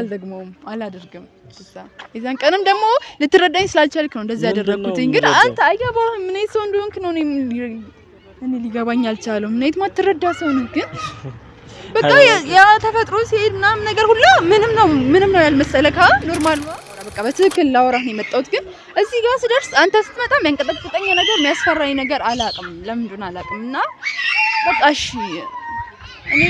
አልደግመውም፣ አላደርግም። የዛን ቀንም ደግሞ ልትረዳኝ ስላልቻልክ ነው እንደዚህ ያደረግኩትኝ። ግን አንተ አይገባህም፣ ምን ሰው እንደሆንክ ነው እኔ ሊገባኝ አልቻለም። እኔ ማትረዳ ሰው ነው ግን በቃ ያ ተፈጥሮ ሲሄድ ምናምን ነገር ሁላ ምንም ነው ምንም ነው ያልመሰለካ ኖርማል በቃ በትክክል ላወራህ ነው የመጣሁት፣ ግን እዚህ ጋር ስደርስ አንተ ስትመጣ የሚያንቀጠቅጠኝ ነገር የሚያስፈራኝ ነገር አላውቅም፣ ለምንድን አላውቅም። እና በቃ እሺ እኔ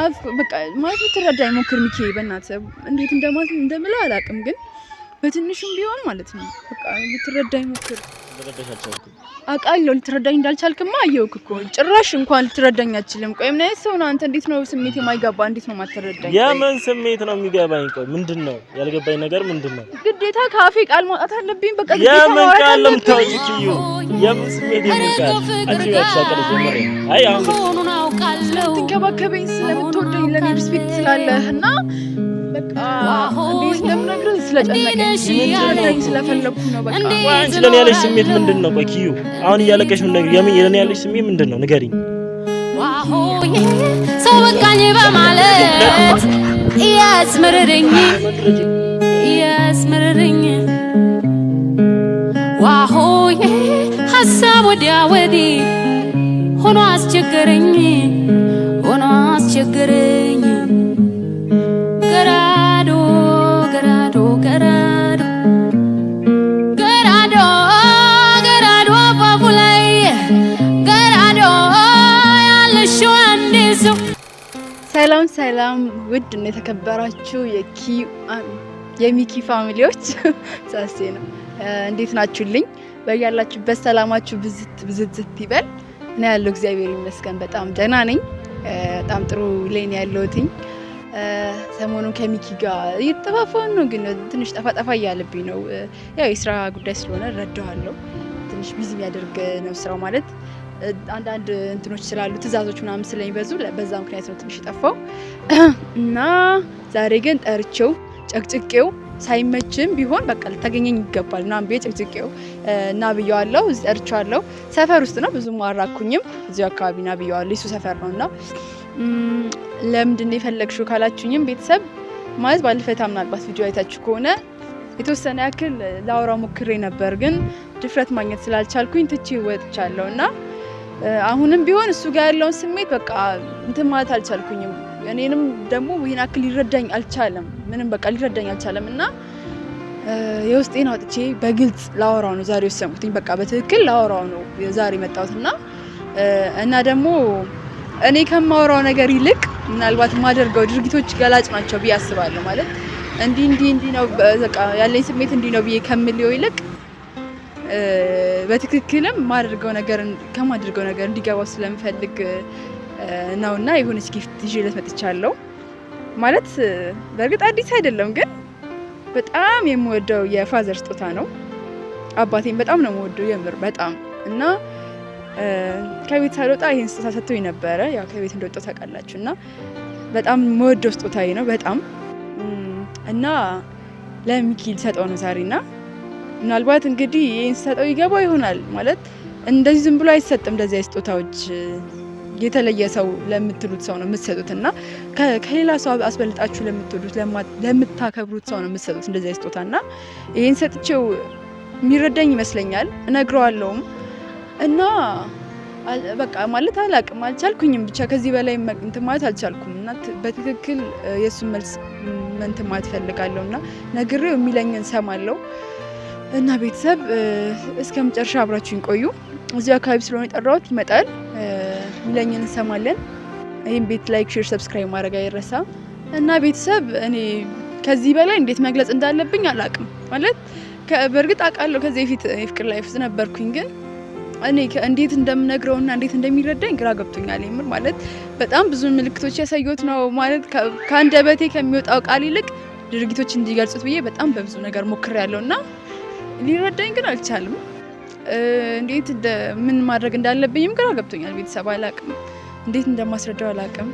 አፍ በቃ ማለት ልትረዳኝ ሞክር ሚኪ፣ በእናትህ እንዴት እንደማት እንደምለው አላውቅም፣ ግን በትንሹም ቢሆን ማለት ነው በቃ ልትረዳኝ ሞክር። አቃለው ልትረዳኝ እንዳልቻልክማ አየሁክ እኮ ጭራሽ እንኳን ልትረዳኝ አትችልም። ቆይ ምን አይነት ሰው ነው አንተ? እንዴት ነው ስሜት የማይገባ? እንዴት ነው የማትረዳኝ? የምን ስሜት ነው የሚገባኝ? ቆይ ምንድን ነው ያልገባኝ ነገር ምንድን ነው? ግዴታ ካፌ ቃል ማውጣት አለብኝ? በቃ ግዴታ ማውራት አለብኝ። የምን ስሜት የምን ቃል አንቺ ያሳቀለ ጀመረ። አይ አሁን ትንከባከበኝ ስለምትወደኝ ለኔ ሪስፔክት ስላለህ እና እንደምነግርህ ስለጨነቀኝ ስለፈለኩ ነው። በቃ አንቺ ለኔ ያለሽ ስሜት ምንድን ነው? ቆይ ኪዩ አሁን እያለቀሽ ምን ነገር የምን የለኔ ያለሽ ስሜ ምንድን ነው ንገሪኝ። ሰው በቃኝ በማለት ዋሆዬ ሀሳብ ወዲያ ወዲህ ሆኖ አስቸገረኝ ሆኖ አስቸገረኝ ሰላም ሰላም፣ ውድ እና የተከበራችሁ የሚኪ ፋሚሊዎች ሳሴ ነው። እንዴት ናችሁልኝ? በያላችሁበት ሰላማችሁ ብዝት ብዝዝት ይበል። እኔ ያለው እግዚአብሔር ይመስገን በጣም ደህና ነኝ። በጣም ጥሩ ሌን ነው ሰሞኑን ከሚኪ ጋር እየተጠፋፋን ነው፣ ግን ትንሽ ጠፋ ጠፋ እያለብኝ ነው። ያው የስራ ጉዳይ ስለሆነ ረዳዋለሁ። ትንሽ ቢዚ የሚያደርግ ነው ስራው ማለት አንዳንድ እንትኖች ስላሉ ትእዛዞች ምናምን ስለሚበዙ በዛ ምክንያት ነው ትንሽ የጠፋው እና ዛሬ ግን ጠርቼው ጨቅጭቄው ሳይመችም ቢሆን በቃ ልታገኘኝ ይገባል እና ብዬ ጭቅጭቄው እና ብየዋለው። እዚህ ጠርቼዋለው። ሰፈር ውስጥ ነው ብዙም አራኩኝም እዚ አካባቢ ና ብየዋለሁ። የሱ ሰፈር ነው እና ለምንድን የፈለግሽው ካላችሁኝም ቤተሰብ ማለት ባለፈታ ምናልባት ቪዲዮ አይታችሁ ከሆነ የተወሰነ ያክል ለአውራ ሞክሬ ነበር፣ ግን ድፍረት ማግኘት ስላልቻልኩኝ ትቼ ወጥቻለሁ እና አሁንም ቢሆን እሱ ጋር ያለውን ስሜት በቃ እንትን ማለት አልቻልኩኝም። እኔንም ደግሞ ይህን አክል ሊረዳኝ አልቻለም። ምንም በቃ ሊረዳኝ አልቻለም እና የውስጤን አውጥቼ በግልጽ ላወራው ነው ዛሬ ወሰንኩትኝ። በቃ በትክክል ላወራው ነው ዛሬ መጣሁት እና እና ደግሞ እኔ ከማወራው ነገር ይልቅ ምናልባት የማደርገው ድርጊቶች ገላጭ ናቸው ብዬ አስባለሁ። ማለት እንዲህ እንዲህ እንዲህ ነው ያለኝ ስሜት እንዲህ ነው ብዬ ከምልየው ይልቅ በትክክልም ማድርገው ነገር ከማድርገው ነገር እንዲገባው ስለምፈልግ ነውና የሆነች ጊፍት ይዤለት መጥቻለሁ። ማለት በእርግጥ አዲስ አይደለም፣ ግን በጣም የምወደው የፋዘር ስጦታ ነው። አባቴም በጣም ነው የምወደው የምር በጣም እና ከቤት ሳልወጣ ይህን ስጦታ ሰጥቶኝ ነበረ። ያው ከቤት እንደወጣሁ ታውቃላችሁ እና በጣም የምወደው ስጦታዬ ነው በጣም እና ለሚኪ ልሰጠው ነው ዛሬና ምናልባት እንግዲህ ይህን ስሰጠው ይገባው ይሆናል ማለት እንደዚህ ዝም ብሎ አይሰጥም። እንደዚህ ስጦታዎች የተለየ ሰው ለምትሉት ሰው ነው የምትሰጡት እና ከሌላ ሰው አስበልጣችሁ ለምትወዱት ለምታከብሩት ሰው ነው የምትሰጡት እንደዚህ ስጦታ እና ይህን ሰጥቼው የሚረዳኝ ይመስለኛል። እነግረዋለውም እና በቃ ማለት አላቅም፣ አልቻልኩኝም። ብቻ ከዚህ በላይ እንትን ማለት አልቻልኩም እና በትክክል የእሱን መልስ እንትን ማለት እፈልጋለሁ እና ነግሬው የሚለኝን ሰማለው። እና ቤተሰብ እስከ መጨረሻ አብራችሁን ቆዩ። እዚሁ አካባቢ ስለሆነ የጠራሁት ይመጣል ሚለኝን እንሰማለን። ይህም ቤት ላይክ፣ ሼር፣ ሰብስክራይብ ማድረግ አይረሳ እና ቤተሰብ እኔ ከዚህ በላይ እንዴት መግለጽ እንዳለብኝ አላቅም። ማለት በእርግጥ አውቃለሁ ከዚህ በፊት የፍቅር ላይፍ ነበርኩኝ፣ ግን እኔ እንዴት እንደምነግረውና እንዴት እንደሚረዳኝ ግራ ገብቶኛል። የምር ማለት በጣም ብዙ ምልክቶች ያሳየሁት ነው። ማለት ከአንደበቴ ከሚወጣው ቃል ይልቅ ድርጊቶች እንዲገልጹት ብዬ በጣም በብዙ ነገር ሞክሬያለሁ እና ሊረዳኝ ግን አልቻልም። እንዴት ምን ማድረግ እንዳለብኝም ግራ ገብቶኛል። ቤተሰብ አላቅም፣ እንዴት እንደማስረዳው አላቅም።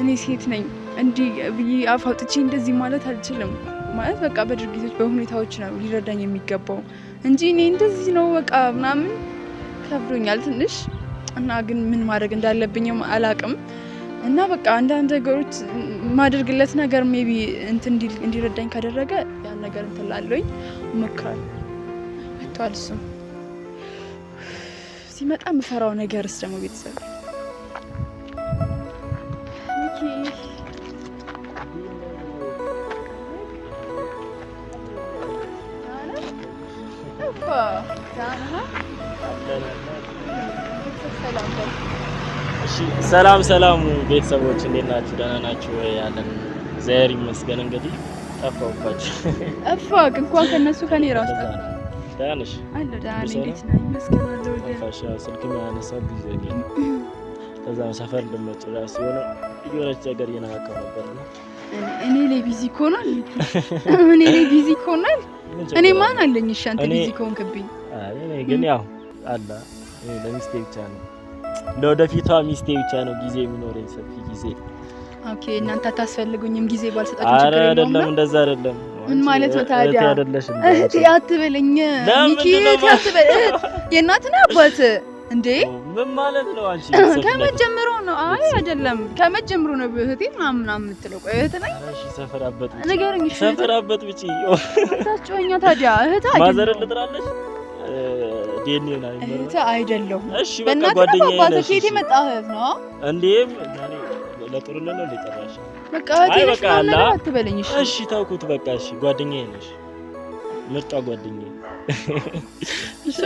እኔ ሴት ነኝ፣ እንዲህ ብዬ አፍ አውጥቼ እንደዚህ ማለት አልችልም። ማለት በቃ በድርጊቶች በሁኔታዎች ነው ሊረዳኝ የሚገባው እንጂ እኔ እንደዚህ ነው በቃ ምናምን ከብዶኛል ትንሽ እና ግን ምን ማድረግ እንዳለብኝም አላቅም እና በቃ አንዳንድ ነገሮች ማድርግለት ነገር ሜቢ እንትን እንዲረዳኝ ካደረገ ያን ነገር እንትላለኝ ሞክራል። እሞክራለሁ። መጥቷል። እሱም ሲመጣ የምፈራው ነገርስ ደግሞ ቤተሰብ ሰላም ሰላም ቤተሰቦች እንዴት ናችሁ? ደህና ናችሁ ወይ? ያለን እግዚአብሔር ይመስገን። እንግዲህ ጠፋሁባችሁ። እፋቅ እንኳን ከነሱ ከኔ ራሱ ደህና ነሽ? ስልክም ያነሳብኝ ዘጌ ነው። ከዛ ሰፈር እንደመጡ እራሱ የሆነች ነገር እየነካካሁ ነበር። እኔ ላይ ቢዚ ከሆናል እኔ ላይ ቢዚ ከሆናል እኔ ማን አለኝ? እሺ አንተ ቢዚ ከሆንክብኝ ግን ያው አላ ለሚስቴ ብቻ ነው ለወደፊቷ ሚስቴ ብቻ ነው ጊዜ የሚኖረኝ ሰፊ ጊዜ። ኦኬ እናንተ አታስፈልጉኝም ጊዜ ባልሰጣችሁ አረ አይደለም እንደዛ አይደለም ምን ማለት ነው ታዲያ? እህት አትበለኝ ሚኪ፣ እህት አትበል። የእናት ነው አባት እንዴ ምን ማለት ነው አንቺ? ከመጀመሩ ነው። አይ አይደለም፣ ከመጀመሩ ነው። እህቴ ምናምን ምናምን የምትለው ቆይ፣ እህት ነኝ። እሺ፣ ሰፈራበት ብቻ ንገረኝ። እሺ፣ ሰፈራበት ብቻ ታስጮኛ ታዲያ። እህት አይደለም፣ ማዘር ልጥራለሽ እህት አይደለሁም። እሺ፣ በቃ ጓደኛዬ ነሽ። ከየት የመጣ እህት ነው እንዴ? ለጥሩነት ነው ሊጠራሽ በቃ በቃ አትበለኝ። እሺ ተውኩት። በቃ እሺ፣ ጓደኛዬ ነሽ፣ ምርጧ ጓደኛዬ። እሺ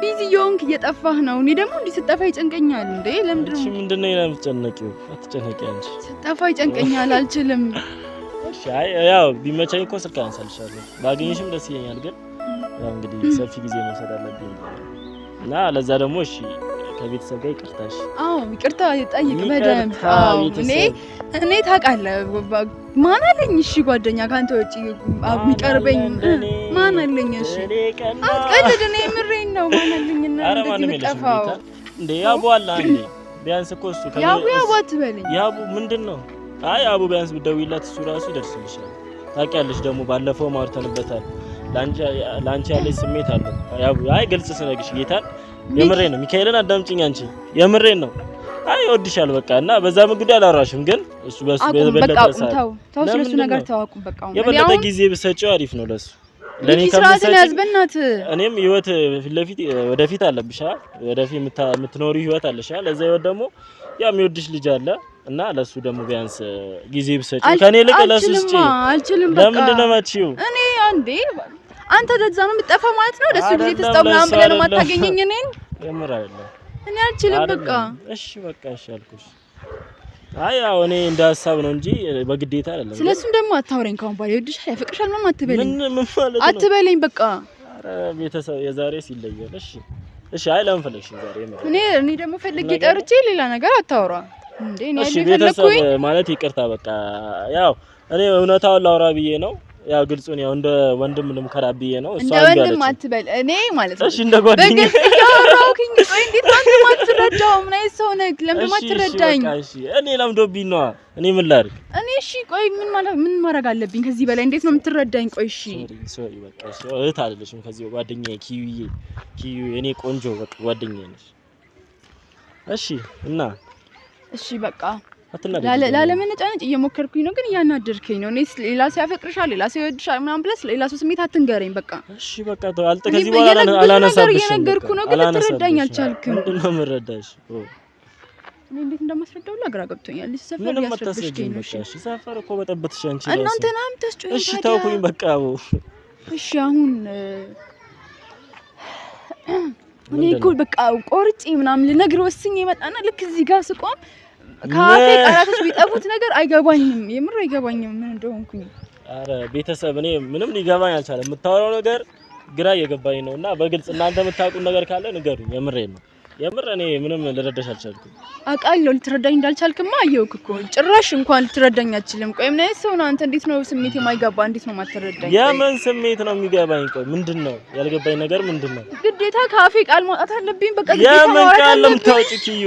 ቢዚ እየሆንክ እየጠፋህ ነው። እኔ ደግሞ እንዲህ ስጠፋ ይጨንቀኛል። እንዴ ለምንድን ነው ምንድን ነው የምትጨነቂው? አትጨነቂ አንቺ። ስጠፋ ይጨንቀኛል፣ አልችልም ያው ቢመቻኝ እኮ ስልክ አነሳልሻለሁ። ባገኘሽም ደስ ይለኛል፣ ግን ያው እንግዲህ ሰፊ ጊዜ መውሰድ አለብኝ እና ለዛ ደግሞ እሺ ከቤተሰብ ጋር ይቅርታሽ። አዎ ይቅርታ ጠይቅ በደንብ። አዎ እኔ እኔ ታውቃለህ ማን አለኝ? እሺ ጓደኛ ከአንተ ውጪ የሚቀርበኝ ማን አለኝ? እሺ አትቀልድ። እኔ የምሬን ነው። ማን አለኝና እንደዚህ ብጠፋው እንዴ? ያቡ አለ አንዴ ቢያንስ እኮ እሱ ያቡ ያቡ አትበለኝ። ያቡ ምንድን ነው አይ አቡ ቢያንስ ብትደውይላት እሱ ራሱ ይደርስልሻል። ታውቂያለሽ ደግሞ ባለፈው ማውርተንበታል። ለአንቺ ያለች ስሜት አለ። አይ ግልጽ ስነግሽ ጌታ የምሬ ነው። ሚካኤልን አዳምጪኝ አንቺ የምሬ ነው። አይ ወድሻል በቃ እና በዛ ምግዱ አላወራሽም፣ ግን እሱ በሱ በበለጠ ሰዓት ተው ተው፣ ስለሱ ነገር ተዋቁ በቃ። የበለጠ ጊዜ ብሰጪው አሪፍ ነው ለሱ ለኔ ከመሰለ ያዝበናት። እኔም ህይወት ፊት ለፊት ወደፊት አለብሻ፣ ወደፊት የምትኖሪ ህይወት አለሻ። ለዛ ህይወት ደግሞ ያ የሚወድሽ ልጅ አለ እና ለሱ ደግሞ ቢያንስ ጊዜ ብሰጪ ከኔ ልቅ ለሱ ስጪ። አልችልም። በቃ ለምንድን ነው የማትችይው? እኔ አንዴ አንተ ለዛ ነው የምትጠፋው ማለት ነው። ለሱ ጊዜ ትስጠው ምናምን ብለህ ነው የማታገኘኝ እኔን። የምር አይደለም። እኔ አልችልም። በቃ እሺ፣ በቃ እሺ አልኩሽ። አይ ያው እኔ እንደ ሀሳብ ነው እንጂ በግዴታ አይደለም። ስለሱም ደግሞ አታውሪኝ። ካሁን በኋላ ይወድሻል፣ ያፈቅርሻል ምናምን አትበለኝ። ምን ምን ማለት ነው? አትበለኝ በቃ ቤተሰብ የዛሬ ሲለያል። እሺ እሺ። አይ ለምን ፈለግሽ ዛሬ? እኔ እኔ ደግሞ ፈልጌ ጠርቼ ሌላ ነገር አታውራ እሺ ቤተሰብ ማለት ይቅርታ፣ በቃ ያው እኔ እውነታውን ላውራ ብዬ ነው። ያው ግልጹን ያው እንደ ወንድም ልምከራ ብዬ ነው። እሷ እንደ ወንድም አትበል፣ እኔ ማለት ነው። እሺ እንደ ጓደኛ በግልጽ ያወራውኝ። ቆይ እንዴት አንተም አትረዳውም? ነይ ሰው ነህ፣ ለምንድን አትረዳኝ? እሺ እኔ ለምዶብኝ ነዋ። እኔ ምን ላድርግ? እኔ እሺ፣ ቆይ ምን ማለት ምን ማድረግ አለብኝ ከዚህ በላይ? እንዴት ነው የምትረዳኝ? ቆይ እሺ፣ ሶሪ፣ በቃ እሺ። እህት አይደለሽም ከዚህ ጓደኛዬ፣ ኪዩዬ፣ ኪዩ እኔ ቆንጆ በቃ ጓደኛዬ ነሽ። እሺ እና እሺ በቃ ላለመነጫነጭ እየሞከርኩኝ ነው፣ ግን እያናደርከኝ ነው። እኔስ ሌላ ሰው ያፈቅርሻል፣ ሌላ ሰው ይወድሻል ምናምን ብለስ ሌላ ሰው ስሜት አትንገረኝ። በቃ እሺ በቃ ተው። ከዚህ በኋላ አላነሳብሽም። እየነገርኩ ነው፣ ግን ልትረዳኝ አልቻልክም። ምንድን ነው የምረዳሽ? እንዴት እንደማስረዳው ግራ ገብቶኛል። ሰፈር እያስረዳሽኝ ነው። እሺ ሰፈር እኮ በጠበትሽ አንቺ እናንተ ናም ተስጮኝ። እሺ ተውኩኝ በቃ። እሺ አሁን እኔ እኮ በቃ ቆርጬ ምናምን ልነግር ወስኜ የመጣና ልክ እዚህ ጋር ስቆም ካፌ ቃላቶች ቢጠፉት ነገር አይገባኝም። የምር አይገባኝም ምን እንደሆንኩኝ። አረ ቤተሰብ እኔ ምንም ሊገባኝ አልቻለም። የምታወራው ነገር ግራ እየገባኝ ነው። እና በግልጽ እናንተ የምታውቁት ነገር ካለ ንገሩኝ። የምሬ ነው የምር እኔ ምንም ልረዳሽ አልቻልኩም። አውቃለሁ ልትረዳኝ እንዳልቻልክማ አየሁክ እኮ። ጭራሽ እንኳን ልትረዳኝ አልችልም። ቆይ ምን አይነት ሰው ነው አንተ? እንዴት ነው ስሜት የማይገባ? እንዴት ነው ማትረዳኝ? የምን ስሜት ነው የሚገባኝ? ቆይ ምንድን ነው ያልገባኝ ነገር ምንድን ነው? ግዴታ ካፌ ቃል ማውጣት አለብኝ። በቃ የምን ቃል ልምታውጭ ኪዩ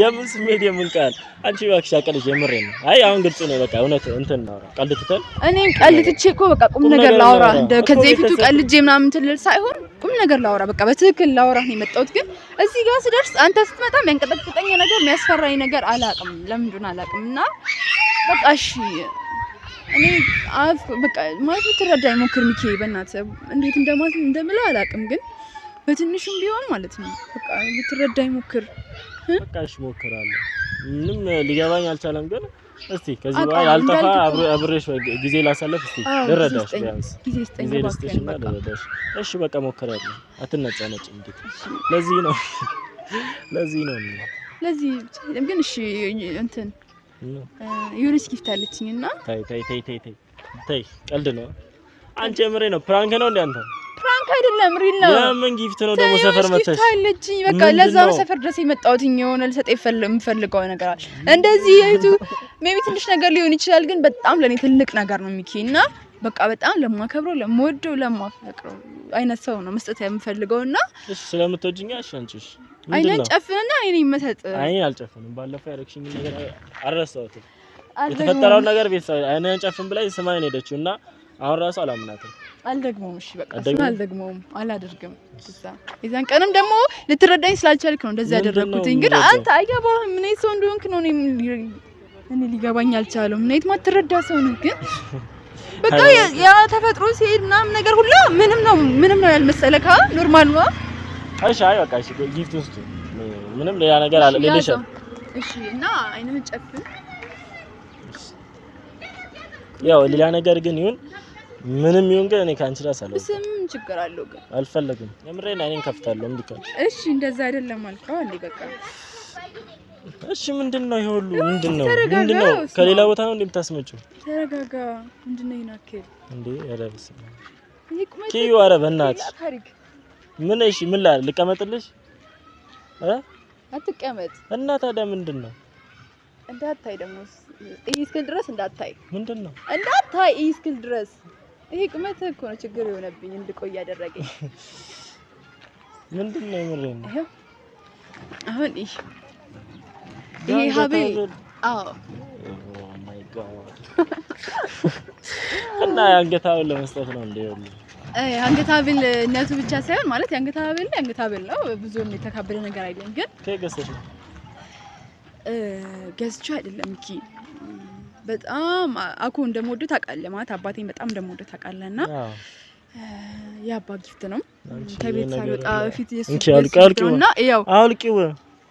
የምን ስሜት የምን ቃል አንቺ እባክሽ አቀልሽ የምሬ ነው። አይ አሁን ግልጽ ነው በቃ እውነት እንትን እናውራ ቀልድ ትተን እኔ ቀልድ ትቼ እኮ በቃ ቁም ነገር ላውራ እንደ ከዚህ በፊቱ ቀልጄ ምናምን ትልል ሳይሆን ቁም ነገር ላውራ በቃ በትክክል ላውራ ነው የመጣሁት። ግን እዚህ ጋር ስደርስ አንተ ስትመጣ የሚያንቀጠቅጠኝ ነገር የሚያስፈራኝ ነገር አላውቅም፣ ለምንድን ነው አላውቅም። እና በቃ እሺ እኔ አፍ በቃ ማለት ትረዳኝ ሞክር ሚኬ፣ በእናትህ እንዴት እንደማት እንደምለው አላውቅም፣ ግን በትንሹም ቢሆን ማለት ነው በቃ ትረዳኝ ሞክር በቃ እሺ እሞክራለሁ። ምንም ሊገባኝ አልቻለም፣ ግን እስቲ ከዚህ በኋላ አልጠፋ አብሬሽ ጊዜ ላሳለፍ እስቲ ልረዳሽ፣ ቢያንስ ጊዜ ልስጥሽ ልስጥሽና ልረዳሽ። እሺ በቃ እሞክራለሁ። አትነጫ ነጭ እንዴት! ለዚህ ነው ለዚህ ነው ለዚህ ግን እሺ እንትን የሆነች ጊፍት አለችኝ እና ታይ ታይ ታይ ታይ ታይ ቀልድ ነው። አንቺ የምሬ ነው ፕራንክ ነው እንዴ አንተ ፕራንክ አይደለም፣ ሪል ነው። ለምን ጊፍት ነው ደግሞ? ሰፈር መተሽ ታለችኝ። በቃ ለዛ ነው ሰፈር ድረስ የመጣሁት። የሆነ ልሰጥ የምፈልገው ነገር አለ። እንደዚህ የቱ ሜቢ ትንሽ ነገር ሊሆን ይችላል፣ ግን በጣም ለኔ ትልቅ ነገር ነው ሚኪ እና በቃ በጣም ለማከብረው ለምወደው ለማፈቅረው አይነት ሰው ነው መስጠት የምፈልገው እና እሺ፣ ስለምትወጂኝ እሺ። አንቺሽ አይኔን ጨፍንና አይኔን መሰጥ አይኔን አልጨፍንም። ባለፈው ያደረግሽኝ ነገር አረሳሁት። የተፈጠረውን ነገር ቤተሰብ አይኔን ጨፍን ብላኝ ስማኝ ነው የሄደችው እና አሁን ራሱ አላምናትም። አልደግሞም። እሺ በቃ እሱን አልደግሞም፣ አላደርግም። እዛ የዛን ቀንም ደግሞ ልትረዳኝ ስላልቻልክ ነው እንደዚህ ያደረኩትኝ። ግን አንተ አይገባህም፣ ምን ሰው እንደሆንክ ነው እኔ እኔ ሊገባኝ አልቻለም። እኔ ማትረዳ ሰው ነው። ግን በቃ ያ ተፈጥሮ ሲሄድ ምናምን ነገር ሁላ ምንም ነው ምንም ነው ያልመሰለካ ኖርማል ነው። እሺ አይ በቃ እሺ፣ ጊፍት ውስጥ ምንም ሌላ ነገር አለ ለለሽ እሺ። እና አይንም ጨፍን፣ ያው ሌላ ነገር ግን ይሁን ምንም ይሁን ግን እኔ ከአንቺ ጋር ሳለው ስም ችግር አለው ግን አልፈለግም። የምሬን አይኔን ከፍታለሁ። እንዴ እሺ፣ እንደዛ አይደለም አልከው አለ በቃ እሺ። ምንድነው ነው ይሄ ሁሉ? ምንድን ነው ከሌላ ቦታ ነው እንዴ እንደምታስመጪው? ተረጋጋ። ምንድነው ይናከል እንዴ? ያለብስ ኪዩ፣ ኧረ በእናትሽ ምን እሺ፣ ምን ላል ልቀመጥልሽ? አ አትቀመጥ እና ታዲያ ምንድነው እንዳታይ ደግሞ እስክል ድረስ እንዳታይ ምንድነው ነው እንዳታይ እስክል ድረስ ይሄ ቁመት እኮ ነው ችግር የሆነብኝ እንድቆይ ያደረገኝ። ምንድን ነው የምሬ ነው። አሁን ይሄ ይሄ ሀቤ አዎ እና የአንገት ሀብል ለመስጠት ነው እንደ ይኸውልህ፣ የአንገት ሀብል ነቱ ብቻ ሳይሆን ማለት የአንገት ሀብል ነው የአንገት ሀብል ነው። ብዙ የተካበደ ነገር አይደለም። ግን ገዝቼው አይደለም ሚኪ በጣም አኩ እንደምወድ ታውቃለህ። ማለት አባቴን በጣም እንደምወድ ታውቃለህ እና የአባ ጊፍት ነው ከቤት ሳልወጣ በፊት እና ያው አውልቂው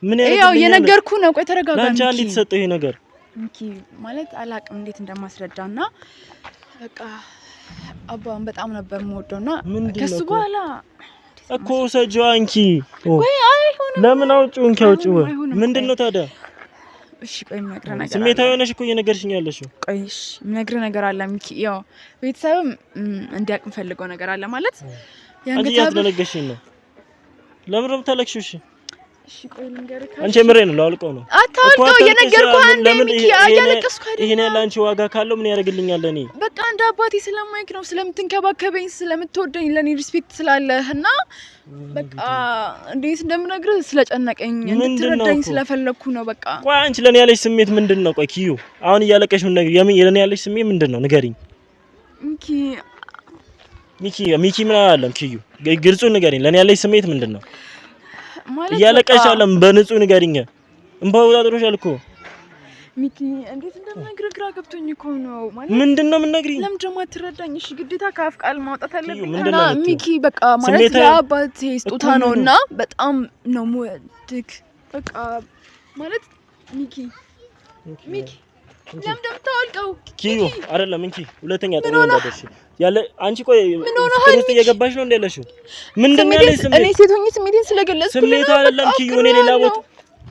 ምን ያው የነገርኩ ነው። ቆይ ተረጋጋ። ለአንቺ አንድ የተሰጠው ይሄ ነገር እንኪ ማለት አላቅም እንዴት እንደማስረዳ እና በቃ አባን በጣም ነበር የምወደው እና ከሱ በኋላ እኮ ሰጂዋ አንቺ ወይ አይሆንም። ለምን አውጪውን ከውጪው ምንድን ነው ታዲያ እሺ ቆይ የምነግርህ ነገር ስሜታዊ ሆነሽ እኮ እየነገርሽኝ ያለሽው። ቆይ እሺ የምነግርህ ነገር አለ ሚኪ። ያው ቤተሰብም እንዲያውቅ የምፈልገው ነገር አለ ማለት አንቺ እያስደነገሽኝ ነው። ለምን ነው የምታለቅሺው? እሺ አንቺ ምሬ ነው አልቀው ነው አታውቀው የነገርኩህ አንዴ ሚኪ እያለቀስኩ አይደል? ይሄን ያለ አንቺ ዋጋ ካለው ምን ያደርግልኛል? ለኔ በቃ እንደ አባቴ ስለማይክ ነው ስለምትንከባከበኝ፣ ስለምትወደኝ፣ ለኔ ሪስፔክት ስላለህ እና በቃ እንዴት እንደምነግርህ ስለጨነቀኝ እንድትረዳኝ ስለፈለኩ ነው። በቃ ቆይ አንቺ ለኔ ያለሽ ስሜት ምንድን ነው? ቆይ ኪዩ አሁን እያለቀሽ ምን ነገር የምን ለኔ ያለሽ ስሜት ምንድን ነው? ንገሪኝ ሚኪ። ሚኪ ሚኪ ምን አላለም? ኪዩ ግልጹን ንገሪኝ፣ ለኔ ያለሽ ስሜት ምንድን ነው? እያለቀሽ አለም በንጹህ ንገሪኝ። እንባ ወጣጥሮሻል እኮ ሚኪ፣ እንዴት እንደምነግርህ ግራ ገብቶኝ እኮ ነው። ማለት ምንድን ነው የምነግርህ? ለምን ደግሞ አትረዳኝ? እሺ፣ ግዴታ ከአፍ ቃል ማውጣት አለብኝ እና ሚኪ፣ በቃ ማለት የአባቴ ስጦታ ነው እና በጣም ነው የምወድህ። በቃ ማለት ሚኪ ሚኪ ለምን ኪዩ አይደለም እንኪ ሁለተኛ ጥሩ እንዳደርሽ ያለ አንቺ ቆይ ምን ሆነ እየገባሽ ነው እንደለሽው ምንድን ነው ያለሽ ስሜት እኔ ሴት ሆኜ ስሜቴን ስለገለጽኩ ስሜት አይደለም ኪዩ እኔ ሌላ ቦታ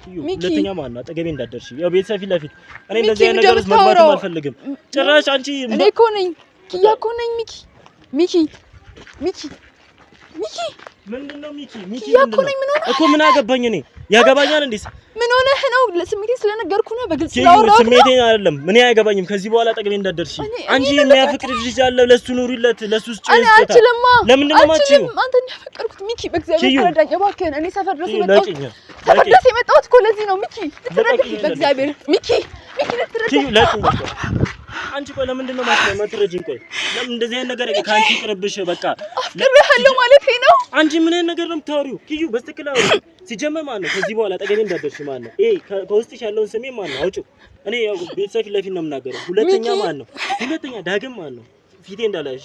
ኪዩ ሁለተኛ ማለት ነው አጠገቤ እንዳደርሽ ያው ቤተሰብ ፊት ለፊት እኔ እንደዚህ አይነት ነገር ውስጥ መግባትም አልፈልግም ጭራሽ አንቺ እኔ እኮ ነኝ ኪያ እኮ ነኝ ሚኪ ሚኪ ሚኪ ሚኪ ምንድን ሚኪ? ምን አገባኝ እኔ ያገባኛል እንዴ? ምን ሆነህ ነው? ስሜቴን ስለነገርኩህ ነው በግልጽ ላወራው። ስሜቴን አይደለም እኔ አያገባኝም። ከዚህ በኋላ ጠገቤ እንዳትደርሺ። አንቺ የሚያፈቅር ልጅ ያለ ለሱ ኑሪለት፣ ለሱ ስጪ። ሚኪ፣ ሚኪ አንቺ ቆይ፣ ለምንድን ነው የማትረጂኝ? ቆይ ለምን እንደዚህ አይነት ነገር ከአንቺ ይቅርብሽ። በቃ አለው ማለት ነው። አንቺ ምን አይነት ነገር ነው የምታወሪው? ኪዩ በስተክላ ሲጀመር ማለት ነው ከዚህ በኋላ ጠገቤ እንዳደርሽ ማለት ነው። ይሄ ከውስጥሽ ያለውን ስሜ ማለት ነው አውጪው። እኔ ያው ቤተሰብ ፊት ለፊት ነው የምናገረው። ሁለተኛ ማለት ነው ሁለተኛ ዳግም ማለት ነው ፊቴ እንዳላይሽ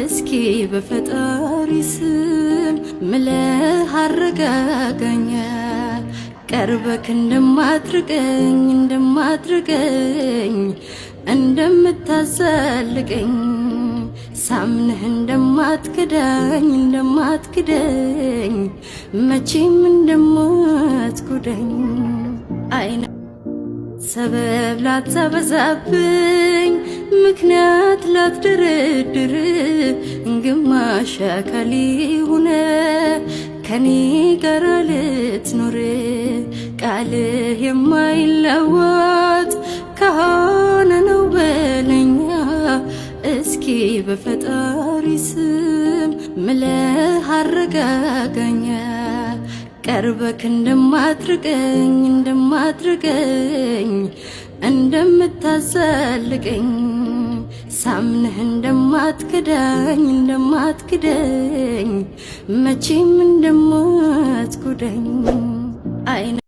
እስኪ በፈጣሪ ስም ምለህ አረጋጋኝ ቀርበክ እንደማትርቀኝ እንደማትርቀኝ እንደምታዘልቀኝ ሳምንህ እንደማትክዳኝ እንደማትክደኝ መቼም እንደማትኩደኝ አይነ ሰበብ ላትበዛብኝ ምክንያት ላትደረድር ግማሽ አካሌ ሆነ ከኔ ጋር ልትኖር ቃልህ የማይለወጥ ከሆነ ነው በለኛ እስኪ በፈጣሪ ስም ምለህ አረጋጋኛ ቀርበክ እንደማትርቀኝ እንደማትርቀኝ እንደምታዘልቀኝ ሳምንህ እንደማትክዳኝ እንደማትክደኝ መቼም አይነ